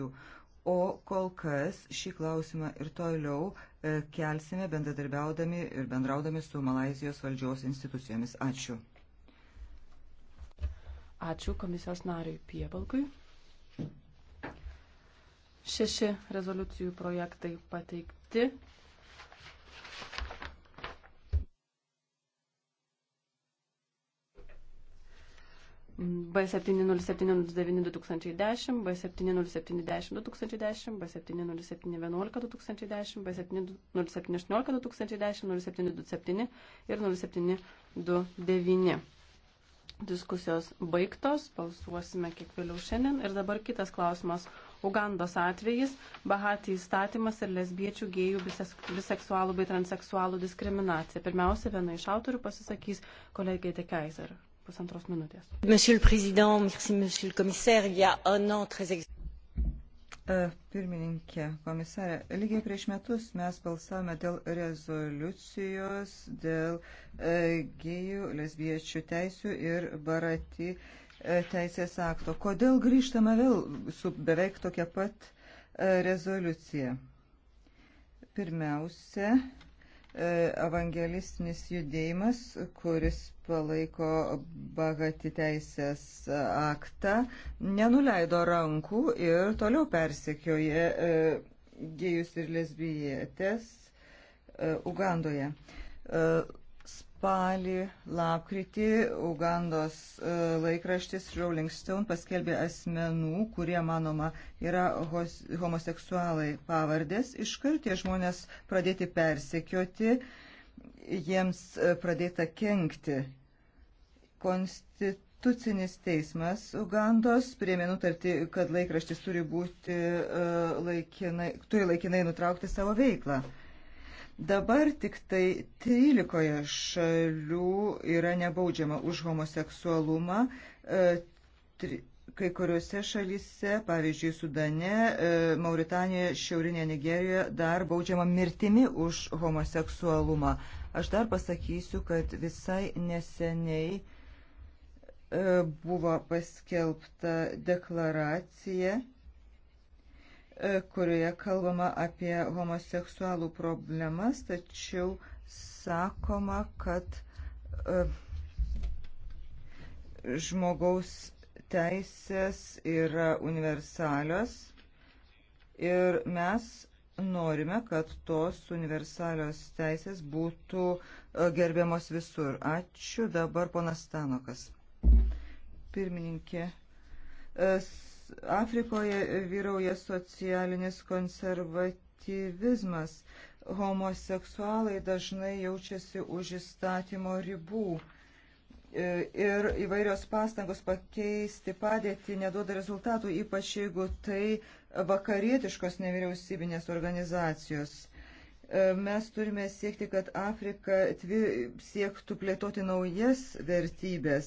laipsnių. O kol kas šį klausimą ir toliau e, kelsime bendradarbiaudami ir bendraudami su Malazijos valdžios institucijomis. Ačiū. Ačiū komisijos nariui Piebalkui. Šeši rezoliucijų projektai pateikti. B7079-2010, B7070-2010, B7071-2010, B7018-2010, 0727 ir 0729. Diskusijos baigtos, balsuosime kiek vėliau šiandien. Ir dabar kitas klausimas. Ugandos atvejis, Bahati įstatymas ir lesbiečių, gėjų, biseksualų bei transeksualų diskriminacija. Pirmiausia, viena iš autorių pasisakys kolegė Dekaiser pusantros minutės. E, pirmininkė, komisarė, lygiai prieš metus mes balsavome dėl rezoliucijos, dėl e, gėjų, lesbiečių teisių ir barati e, teisės akto. Kodėl grįžtama vėl su beveik tokia pat rezoliucija? Pirmiausia, E, evangelistinis judėjimas, kuris palaiko bagati teisės aktą, nenuleido rankų ir toliau persekioja e, gėjus ir lesbijėtės e, Ugandoje spalį, lapkritį Ugandos e, laikraštis Rolling Stone paskelbė asmenų, kurie, manoma, yra homoseksualai pavardės. Iškart tie žmonės pradėti persekioti, jiems e, pradėta kenkti. Konstitucinis teismas Ugandos priemė nutarti, kad laikraštis turi, būti, e, laikinai, turi laikinai nutraukti savo veiklą. Dabar tik tai 13 šalių yra nebaudžiama už homoseksualumą. E, kai kuriuose šalyse, pavyzdžiui, Sudane, e, Mauritanijoje, Šiaurinėje Nigerijoje, dar baudžiama mirtimi už homoseksualumą. Aš dar pasakysiu, kad visai neseniai e, buvo paskelbta deklaracija kurioje kalbama apie homoseksualų problemas, tačiau sakoma, kad e, žmogaus teisės yra universalios ir mes norime, kad tos universalios teisės būtų e, gerbiamos visur. Ačiū dabar ponas Stanokas. Pirmininkė, e, Afrikoje vyrauja socialinis konservatyvizmas. Homoseksualai dažnai jaučiasi už įstatymo ribų. E, ir įvairios pastangos pakeisti padėtį neduoda rezultatų, ypač jeigu tai vakarietiškos nevyriausybinės organizacijos e, mes turime siekti, kad Afrika siektų plėtoti naujas vertybės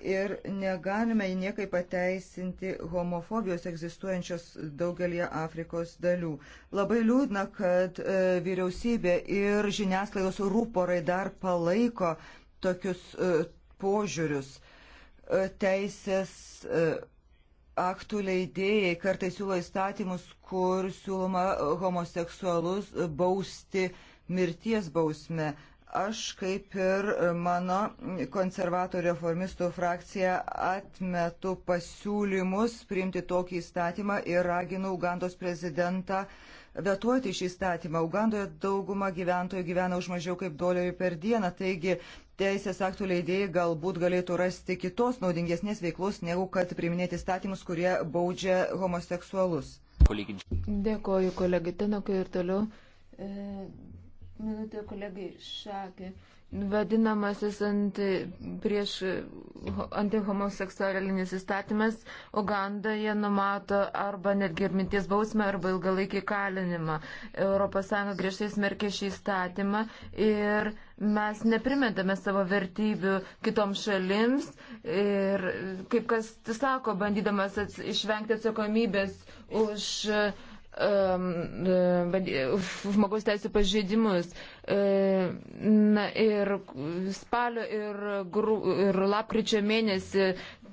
ir negalime niekai pateisinti homofobijos egzistuojančios daugelie Afrikos dalių. Labai liūdna, kad e, vyriausybė ir žiniasklaidos rūporai dar palaiko tokius e, požiūrius. E, teisės e, aktų leidėjai kartais siūlo įstatymus, kur siūloma homoseksualus bausti mirties bausme. Aš kaip ir mano konservatorių reformistų frakcija atmetu pasiūlymus priimti tokį įstatymą ir raginu Ugandos prezidentą vetuoti šį įstatymą. Ugandoje dauguma gyventojų gyvena už mažiau kaip dolerį per dieną, taigi teisės aktų leidėjai galbūt galėtų rasti kitos naudingesnės veiklos, negu kad priminėti statymus, kurie baudžia homoseksualus. Dėkoju kolegai Tenokui ir toliau. E minutė kolegai Šakė. Vadinamasis anti, prieš antihomoseksualinis įstatymas Ugandoje numato arba netgi ir minties bausmę arba ilgalaikį kalinimą. ES griežtai smerkė šį įstatymą ir mes neprimetame savo vertybių kitoms šalims ir kaip kas sako, bandydamas ats, išvengti atsakomybės už uh, Um, žmogaus teisų pažeidimus. E, na ir spalio ir, gru, ir lapkričio mėnesį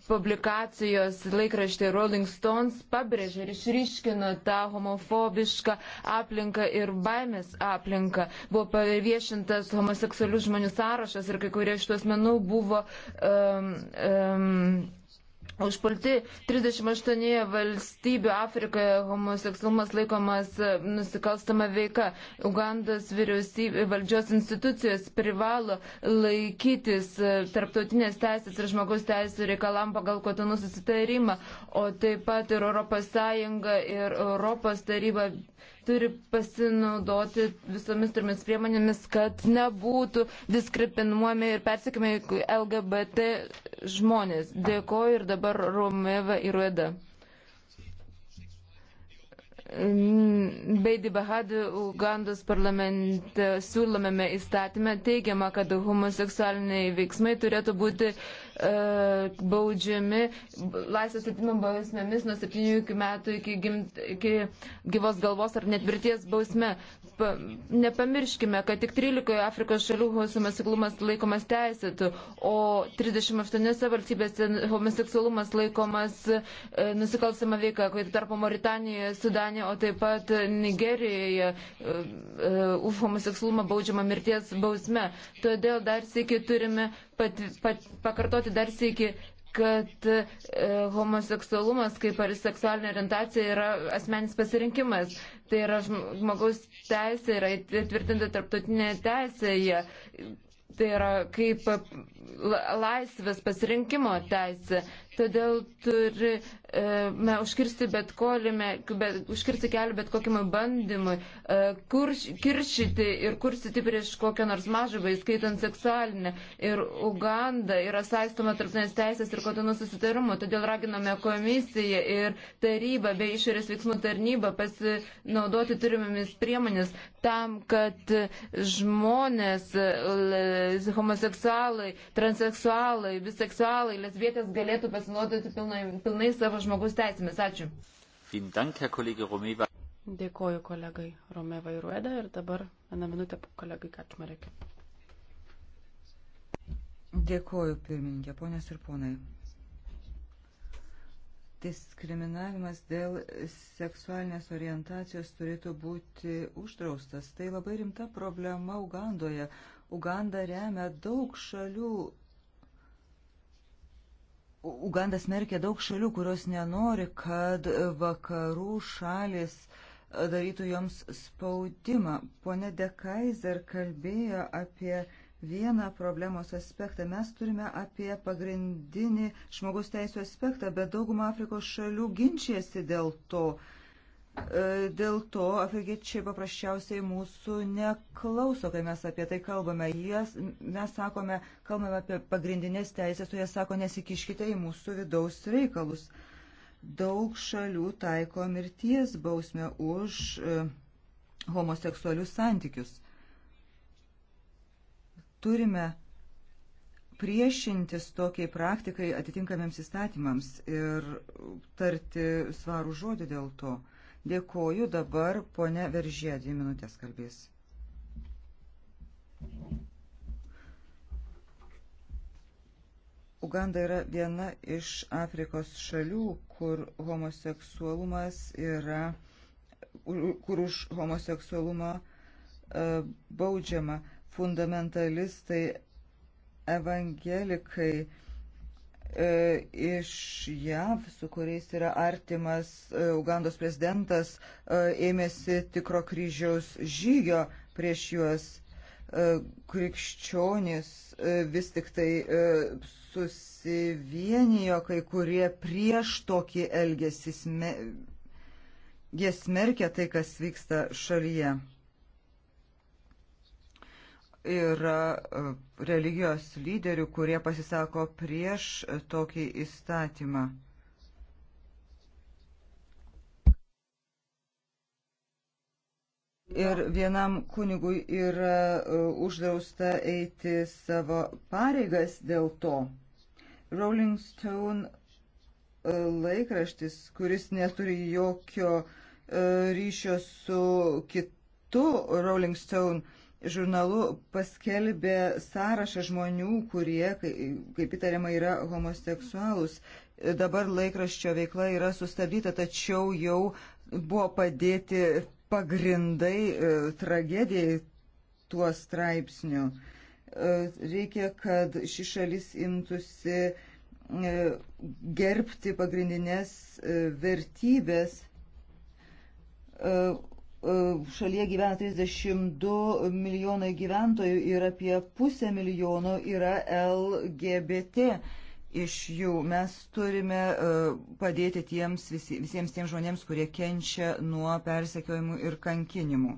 publikacijos laikraštė Rolling Stones pabrėžė ir išryškino tą homofobišką aplinką ir baimės aplinką. Buvo paviešintas homoseksualių žmonių sąrašas ir kai kurie iš tų asmenų buvo um, um, Užpulti 38 valstybių Afrikoje homoseksualumas laikomas e, nusikalstama veika. Ugandos vyriausybė valdžios institucijos privalo laikytis e, tarptautinės teisės ir žmogaus teisų reikalam pagal kotonų susitarimą, o taip pat ir ES ir Europos taryba turi pasinaudoti visomis turimis priemonėmis, kad nebūtų diskriminuojami ir persikimi LGBT žmonės. Dėkoju ir dabar Romeva Irueda. Beidi Bahadi Ugandos parlamente siūlomame įstatymė teigiama, kad homoseksualiniai veiksmai turėtų būti uh, E, baudžiami laisvės atimimo bausmėmis nuo 7 iki metų iki, gimt, iki gyvos galvos ar net mirties bausme. Pa, nepamirškime, kad tik 13 Afrikos šalių homoseksualumas laikomas teisėtų, o 38 valstybėse homoseksualumas laikomas e, nusikalstama veika, kai tarpo Mauritanijoje, Sudanė, o taip pat Nigerijoje e, e, už homoseksualumą baudžiama mirties bausme. Todėl dar sėkiai turime pat, pat, pakartoti dar sėki, kad e, homoseksualumas kaip ar seksualinė orientacija yra asmenis pasirinkimas. Tai yra žmogaus teisė, yra įtvirtinta tarptautinė teisėje. Tai yra kaip laisvės pasirinkimo teisė. Todėl turime užkirsti, bet kolime, bet, užkirsti kelią bet kokiam bandymui, e, kur, kiršyti ir kursyti prieš kokią nors mažumą, įskaitant seksualinę. Ir Uganda yra saistoma tarptautinės teisės ir kotonų susitarimų. Todėl raginame komisiją ir tarybą bei išorės veiksmų tarnybą pasinaudoti turimomis priemonės tam, kad žmonės, e, homoseksualai, transseksualai, biseksualai, lesbietės galėtų pasinaudoti pasinaudoti pilnai, pilnai savo žmogus teisėmis. Ačiū. Dėkoju kolegai Romevai Rueda ir dabar vieną minutę kolegai Kačmarekė. Dėkoju, pirmininkė, ponės ir ponai. Diskriminavimas dėl seksualinės orientacijos turėtų būti uždraustas. Tai labai rimta problema Ugandoje. Uganda remia daug šalių Uganda smerkia daug šalių, kurios nenori, kad vakarų šalis darytų joms spaudimą. Pone De Kaiser kalbėjo apie vieną problemos aspektą. Mes turime apie pagrindinį žmogus teisų aspektą, bet dauguma Afrikos šalių ginčiasi dėl to. Uh, E, dėl to afrikiečiai paprasčiausiai mūsų neklauso, kai mes apie tai kalbame. Jas, mes sakome, kalbame apie pagrindinės teisės, o jie sako, nesikiškite į mūsų vidaus reikalus. Daug šalių taiko mirties bausmę už e, homoseksualius santykius. Turime priešintis tokiai praktikai atitinkamiems įstatymams ir tarti svarų žodį dėl to. Dėkoju dabar, ponė Veržė, dvi minutės kalbės. Uganda yra viena iš Afrikos šalių, kur homoseksualumas yra, kur už homoseksualumą e, baudžiama fundamentalistai, evangelikai, E, iš JAV, su kuriais yra artimas e, Ugandos prezidentas, e, ėmėsi tikro kryžiaus žygio prieš juos. Krikščionys vis tik tai susivienijo kai kurie prieš tokį elgesį. Jie smerkia tai, kas vyksta šalyje yra e, religijos lyderių, kurie pasisako prieš tokį įstatymą. Ir vienam kunigui yra e, uždrausta eiti savo pareigas dėl to. Rolling Stone e, laikraštis, kuris neturi jokio ryšio su kitu Rolling Stone žurnalu paskelbė sąrašą žmonių, kurie, kaip įtariama, yra homoseksualūs. Dabar laikraščio veikla yra sustabdyta, tačiau jau buvo padėti pagrindai e, tragedijai tuo straipsniu. E, reikia, kad ši šalis imtųsi e, gerbti pagrindinės vertybės E, šalyje gyvena 32 milijonai gyventojų ir apie pusę milijono yra LGBT. Iš jų mes turime e, padėti tiems, visiems tiems žmonėms, kurie kenčia nuo persekiojimų ir kankinimų.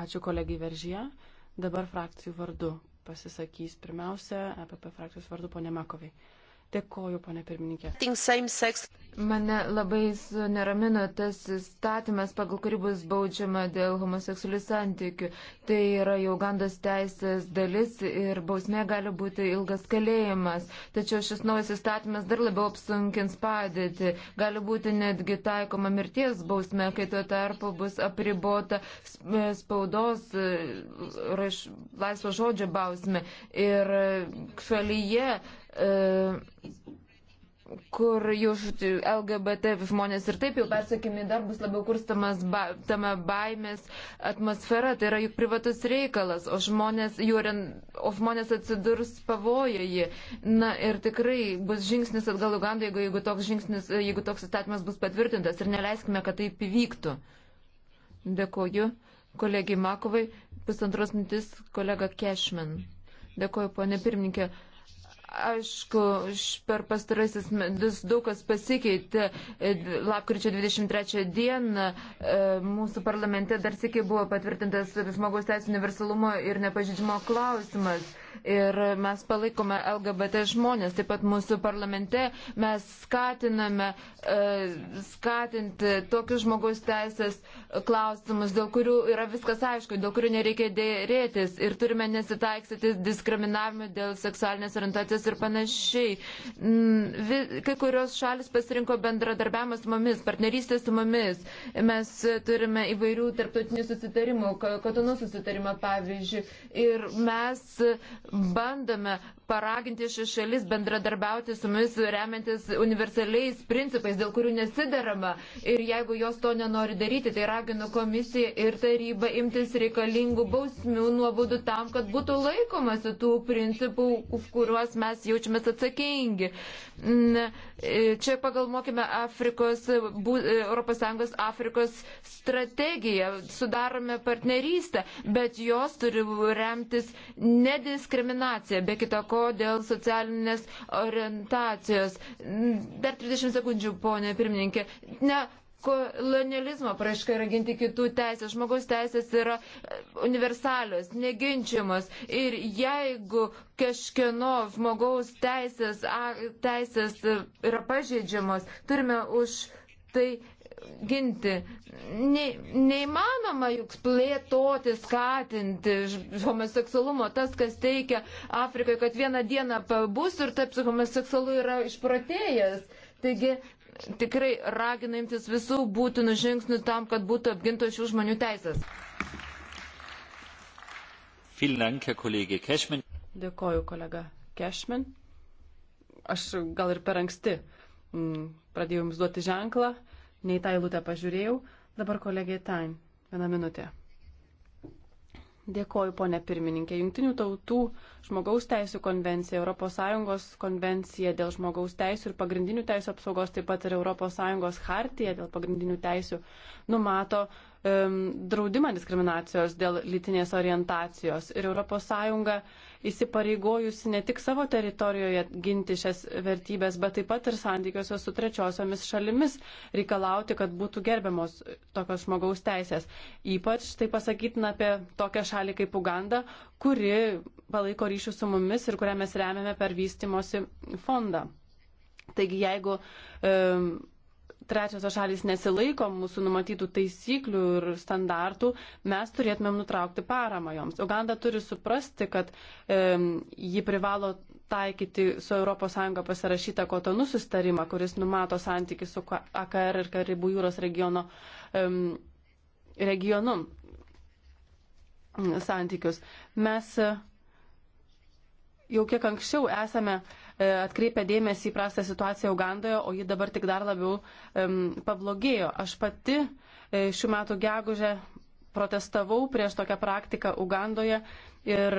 Ačiū kolegai Veržyje. Dabar frakcijų vardu pasisakys pirmiausia EPP frakcijos vardu ponė Makovai. Dėkoju, ponė pirmininkė. Mane labai neramino tas statymas, pagal kurį bus baudžiama dėl homoseksualių santykių. Tai yra jau gandos teisės dalis ir bausmė gali būti ilgas kalėjimas. Tačiau šis naujas įstatymas dar labiau apsunkins padėtį. Gali būti netgi taikoma mirties bausmė, kai tuo tarpu bus apribota e, spaudos e, laisvo žodžio bausmė. Ir šalyje E, kur jau LGBT žmonės ir taip jau persakymai dar bus labiau kurstamas ba, tame baimės atmosfera, tai yra juk privatus reikalas, o žmonės, jūrin, o žmonės atsidurs pavojoje. Na ir tikrai bus žingsnis atgal Ugandai, jeigu, jeigu toks žingsnis, jeigu toks įstatymas bus patvirtintas ir neleiskime, kad taip įvyktų. Dėkoju kolegijai Makovai, pusantros mintis kolega Kešman. Dėkoju, ponė pirmininkė. Aišku, per pastarasis metus daug kas pasikeitė. E, lapkričio 23 dieną e, mūsų parlamente dar sėkiai buvo patvirtintas žmogaus teisų universalumo ir nepažydžimo klausimas ir mes palaikome LGBT žmonės. Taip pat mūsų parlamente mes skatiname e, skatinti tokius žmogus teisės klausimus, dėl kurių yra viskas aišku, dėl kurių nereikia dėrėtis ir turime nesitaiksyti diskriminavimui dėl seksualinės orientacijos ir panašiai. Mm, kai kurios šalis pasirinko bendradarbiavimą su mumis, partnerystę su mumis. Mes turime įvairių tarptautinių susitarimų, katonų susitarimą pavyzdžiui. Ir mes bandome paraginti šis šalis bendradarbiauti su mumis remiantis universaliais principais, dėl kurių nesiderama. Ir jeigu jos to nenori daryti, tai raginu komisiją ir tarybą imtis reikalingų bausmių nuobodų tam, kad būtų laikomasi tų principų, už kuriuos mes jaučiamės atsakingi. E, čia pagalvokime Afrikos, ES Afrikos strategiją, sudarome partnerystę, bet jos turi remtis nediskriminacija, be kita ko ko dėl socialinės orientacijos. Dar 30 sekundžių, ponė pirmininkė. Ne, kolonializmo praaiška yra ginti kitų teisės. Žmogaus teisės yra universalios, neginčiamos. Ir jeigu kažkieno žmogaus teisės, a, teisės yra pažeidžiamos, turime už tai ginti. Ne, neįmanoma juk plėtoti, skatinti homoseksualumo. Tas, kas teikia Afrikoje, kad vieną dieną pabus ir taps homoseksualu, yra išprotėjęs. Taigi tikrai raginantis visų būtinų žingsnių tam, kad būtų apgintos šių žmonių teisės. Dėkoju, kolega Kešmin. Aš gal ir per anksti mm, pradėjau jums duoti ženklą nei tą eilutę pažiūrėjau. Dabar kolegė Tain. Vieną minutę. Dėkoju, ponė pirmininkė. Junktinių tautų žmogaus teisų konvencija, ES konvencija dėl žmogaus teisų ir pagrindinių teisų apsaugos, taip pat ir ES hartija dėl pagrindinių teisų numato um, draudimą diskriminacijos dėl lytinės orientacijos. Ir ES įsipareigojusi ne tik savo teritorijoje ginti šias vertybės, bet taip pat ir santykiuose su trečiosiomis šalimis reikalauti, kad būtų gerbiamos tokios žmogaus teisės. Ypač tai pasakytina apie tokią šalį kaip Uganda, kuri palaiko ryšių su mumis ir kurią mes remiame per vystimosi fondą. Taigi jeigu um, trečiosios šalis nesilaiko mūsų numatytų taisyklių ir standartų, mes turėtumėm nutraukti paramą joms. Uganda turi suprasti, kad e, ji privalo taikyti su ES pasirašytą kotonų sustarimą, kuris numato santykių su AKR ir Karibų jūros regiono, e, regionu santykius. Mes e, jau kiek anksčiau esame e, atkreipę dėmesį į prastą situaciją Ugandoje, o ji dabar tik dar labiau um, pablogėjo. Aš pati e, šių metų gegužę protestavau prieš tokią praktiką Ugandoje ir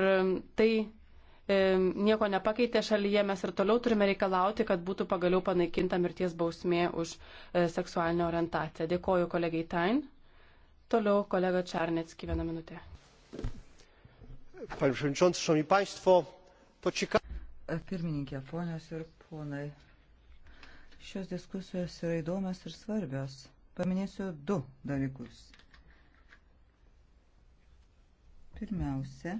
tai um, nieko nepakeitė šalyje. Mes ir toliau turime reikalauti, kad būtų pagaliau panaikinta mirties bausmė už uh, seksualinę orientaciją. Dėkoju kolegai Tain. Toliau kolega Čarnecki vieną minutę. Panie Przewodniczący, Szanowni Państwo, E, pirmininkė, ponios ir ponai, šios diskusijos yra įdomios ir svarbios. Paminėsiu du dalykus. Pirmiausia,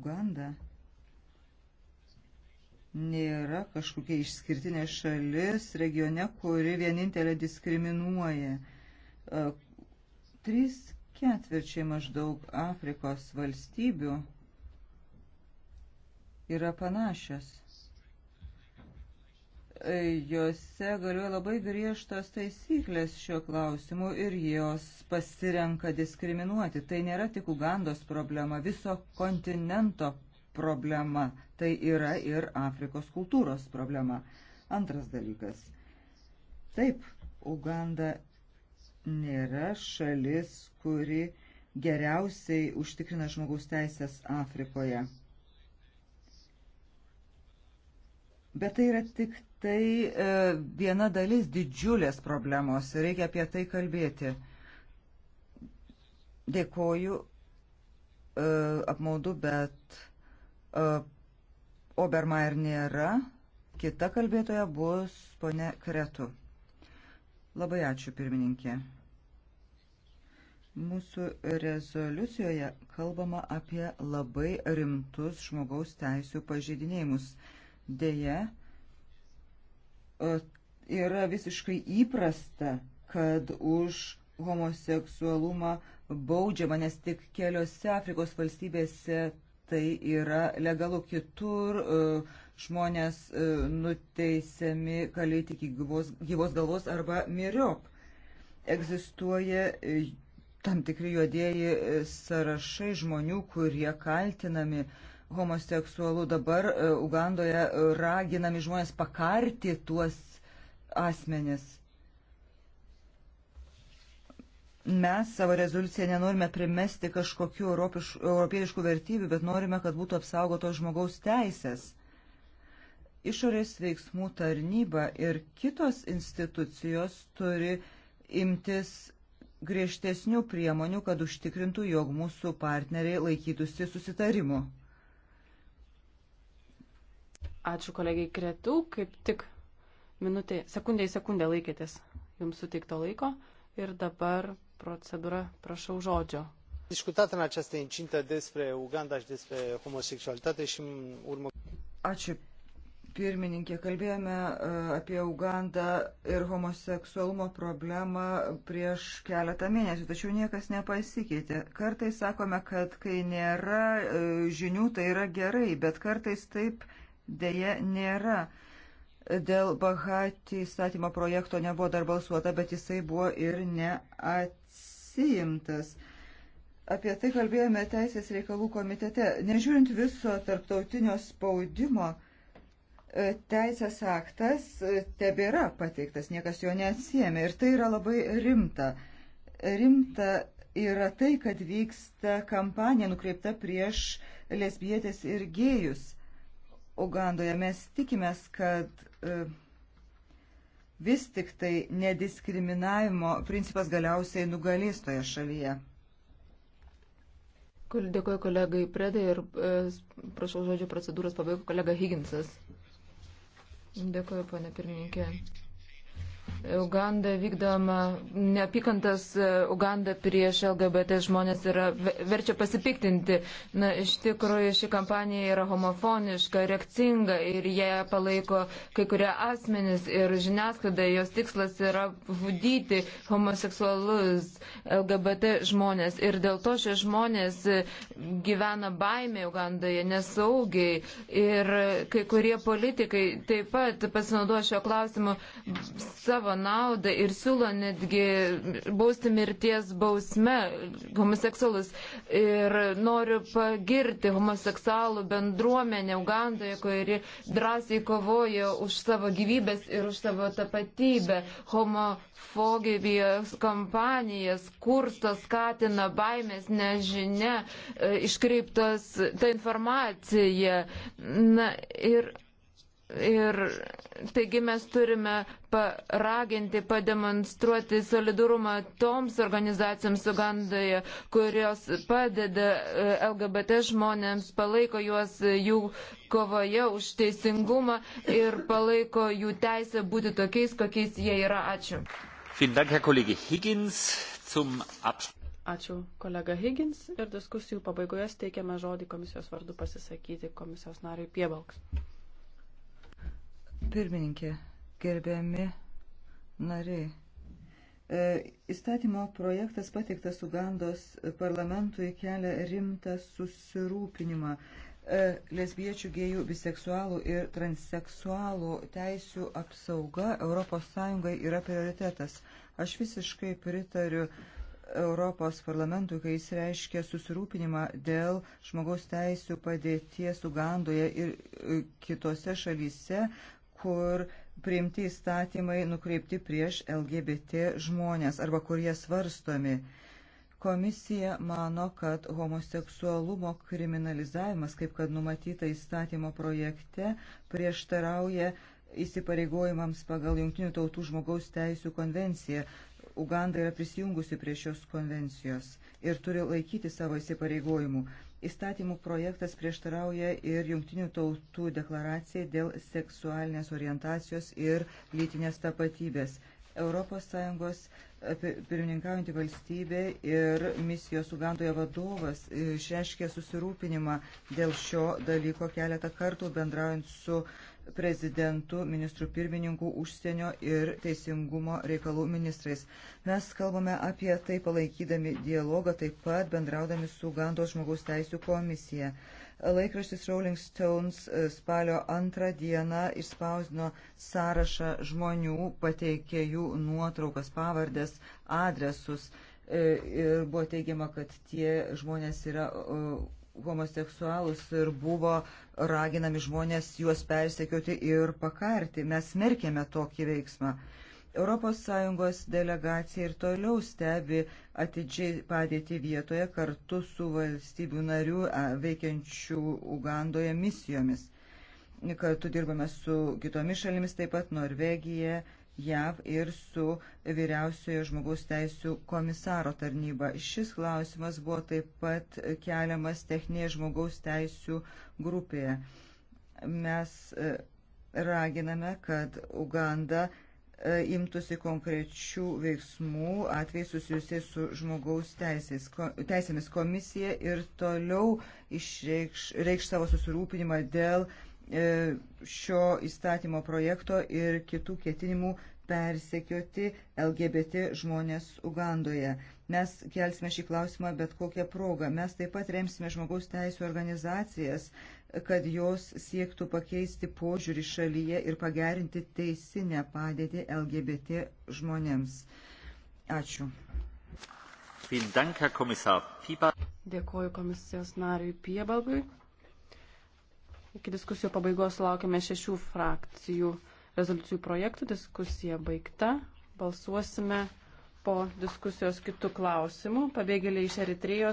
Uganda nėra kažkokia išskirtinė šalis regione, kuri vienintelė diskriminuoja. E, trys ketvirčiai maždaug Afrikos valstybių yra panašios. E, jose galioja labai griežtos taisyklės šiuo klausimu ir jos pasirenka diskriminuoti. Tai nėra tik Ugandos problema, viso kontinento problema. Tai yra ir Afrikos kultūros problema. Antras dalykas. Taip, Uganda nėra šalis, kuri geriausiai užtikrina žmogaus teisės Afrikoje. Bet tai yra tik tai e, viena dalis didžiulės problemos. Reikia apie tai kalbėti. Dėkoju, e, apmaudu, bet e, Obermeier nėra. Kita kalbėtoja bus ponė Kretu. Labai ačiū, pirmininkė. Mūsų rezoliucijoje kalbama apie labai rimtus žmogaus teisų pažeidinėjimus. E, Deja, yra visiškai įprasta, kad už homoseksualumą baudžiama, nes tik keliose Afrikos valstybėse tai yra legalu kitur. Žmonės nuteisiami kalėti iki gyvos, gyvos galvos arba miriop. Egzistuoja e, tam tikri juodieji e, sąrašai žmonių, kurie kaltinami uh, homoseksualu. Dabar e, Ugandoje e, raginami žmonės pakarti tuos asmenis. Mes savo rezoliuciją nenorime primesti kažkokių europiš, europietiškų vertybių, bet norime, kad būtų apsaugotos žmogaus teisės. Išorės veiksmų tarnyba ir kitos institucijos turi imtis griežtesnių priemonių, kad užtikrintų, jog mūsų partneriai laikytųsi susitarimu. Ačiū kolegiai Kretų, kaip tik minutė, sekundė į sekundę laikėtės jums suteikto laiko ir dabar procedūra, prašau žodžio. Diskutat în această incintă despre Uganda și despre homosexualitate și în urmă... Ačiū pirmininkė, kalbėjome e, apie Ugandą ir homoseksualumo problemą prieš keletą mėnesių, tačiau niekas nepasikeitė. Kartais sakome, kad kai nėra e, žinių, tai yra gerai, bet kartais taip dėja nėra. Dėl Bahati įstatymo projekto nebuvo dar balsuota, bet jisai buvo ir neatsijimtas. Apie tai kalbėjome Teisės reikalų komitete. Nežiūrint viso tarptautinio spaudimo, e, teisės aktas e, tebėra pateiktas, niekas jo neatsijėmė. Ir tai yra labai rimta. Rimta yra tai, kad vyksta kampanija nukreipta prieš lesbietės ir gėjus. Ugandoje. Mes tikimės, kad e, vis tik tai nediskriminavimo principas galiausiai nugalės toje šalyje. Dėkuoju kolegai Predai ir e, prašau žodžio procedūros pabaigo kolega Higginsas. Dėkuoju, ponė pirmininkė. Uganda vykdoma neapykantas e, Uganda prieš LGBT žmonės yra verčia pasipiktinti. Na, iš tikrųjų, ši kampanija yra homofoniška, reakcinga ir jie palaiko kai kurie asmenys ir žiniasklaida, jos tikslas yra vudyti homoseksualus LGBT žmonės. Ir dėl to šie žmonės gyvena baimė Ugandoje, nesaugiai. Ir kai kurie politikai taip pat pasinaudoja šio klausimu savo savo naudą ir siūlo netgi bausti mirties bausme homoseksualus. Ir noriu pagirti homoseksualų bendruomenę Ugandoje, kuri drąsiai kovojo už savo gyvybės ir už savo tapatybę. Homofobijos kampanijas kursto, skatina baimės, nežinia, e, iškreiptas ta informacija. Na, ir, ir Taigi mes turime paraginti, pademonstruoti solidarumą toms organizacijoms Ugandoje, kurios padeda e, LGBT žmonėms, palaiko juos e, jų kovoje už teisingumą ir palaiko jų teisę būti tokiais, kokiais jie yra. Ačiū. Ačiū kolega Higgins ir diskusijų pabaigoje steikiame žodį komisijos vardu pasisakyti komisijos nariui Piebalks. Pirmininkė, gerbiami nariai. E, įstatymo projektas pateiktas Ugandos parlamentui kelia rimtą susirūpinimą. E, lesbiečių, gėjų, biseksualų ir transseksualų teisių apsauga ES yra prioritetas. Aš visiškai pritariu Europos parlamentui, kai jis reiškia susirūpinimą dėl žmogaus teisų padėties Ugandoje ir e, kitose šalyse, kur priimti įstatymai nukreipti prieš LGBT žmonės arba kurie svarstomi. Komisija mano, kad homoseksualumo kriminalizavimas, kaip kad numatyta įstatymo projekte, prieštarauja įsipareigojimams pagal Junktinių tautų žmogaus teisų konvenciją. Uganda yra prisijungusi prie šios konvencijos ir turi laikyti savo įsipareigojimų. Įstatymų projektas prieštarauja ir jungtinių tautų deklaracijai dėl seksualinės orientacijos ir lytinės tapatybės. ES e, pirmininkaujantį valstybę ir misijos Ugandoje vadovas e, išreiškė susirūpinimą dėl šio dalyko keletą kartų bendraujant su uh, prezidentų, ministrų pirmininkų, užsienio ir teisingumo reikalų ministrais. Mes kalbame apie tai palaikydami dialogą, taip pat bendraudami su Gandos žmogaus teisų komisija. Laikraštis Rolling Stones e, spalio antrą dieną išspausdino sąrašą žmonių, pateikė jų nuotraukas, pavardės, adresus e, ir buvo teigiama, kad tie žmonės yra e, homoseksualus ir buvo raginami žmonės juos persekioti ir pakarti. Mes smerkėme tokį veiksmą. ES delegacija ir toliau stebi atidžiai padėti vietoje kartu su valstybių narių veikiančių Ugandoje misijomis. Kartu dirbame su kitomis šalimis, taip pat Norvegija, JAV ir su vyriausiojo žmogaus teisų komisaro tarnyba. Šis klausimas buvo taip pat keliamas techninėje žmogaus teisų grupėje. Mes e, raginame, kad Uganda e, imtųsi konkrečių veiksmų atvejai susijusiai su žmogaus teisės, ko, teisėmis komisija ir toliau išreikš reikš savo susirūpinimą dėl uh, E, šio įstatymo projekto ir kitų ketinimų persekioti LGBT žmonės Ugandoje. Mes kelsime šį klausimą bet kokią progą. Mes taip pat remsime žmogaus teisų organizacijas, kad jos siektų pakeisti požiūrį šalyje ir pagerinti teisinę padėtį LGBT žmonėms. Ačiū. Dėkuoju komisijos nariui Piebalgui. Iki diskusijų pabaigos laukiame šešių frakcijų rezoliucijų projektų. Diskusija baigta. Balsuosime po diskusijos kitų klausimų. Pabėgėliai iš Eritrijos.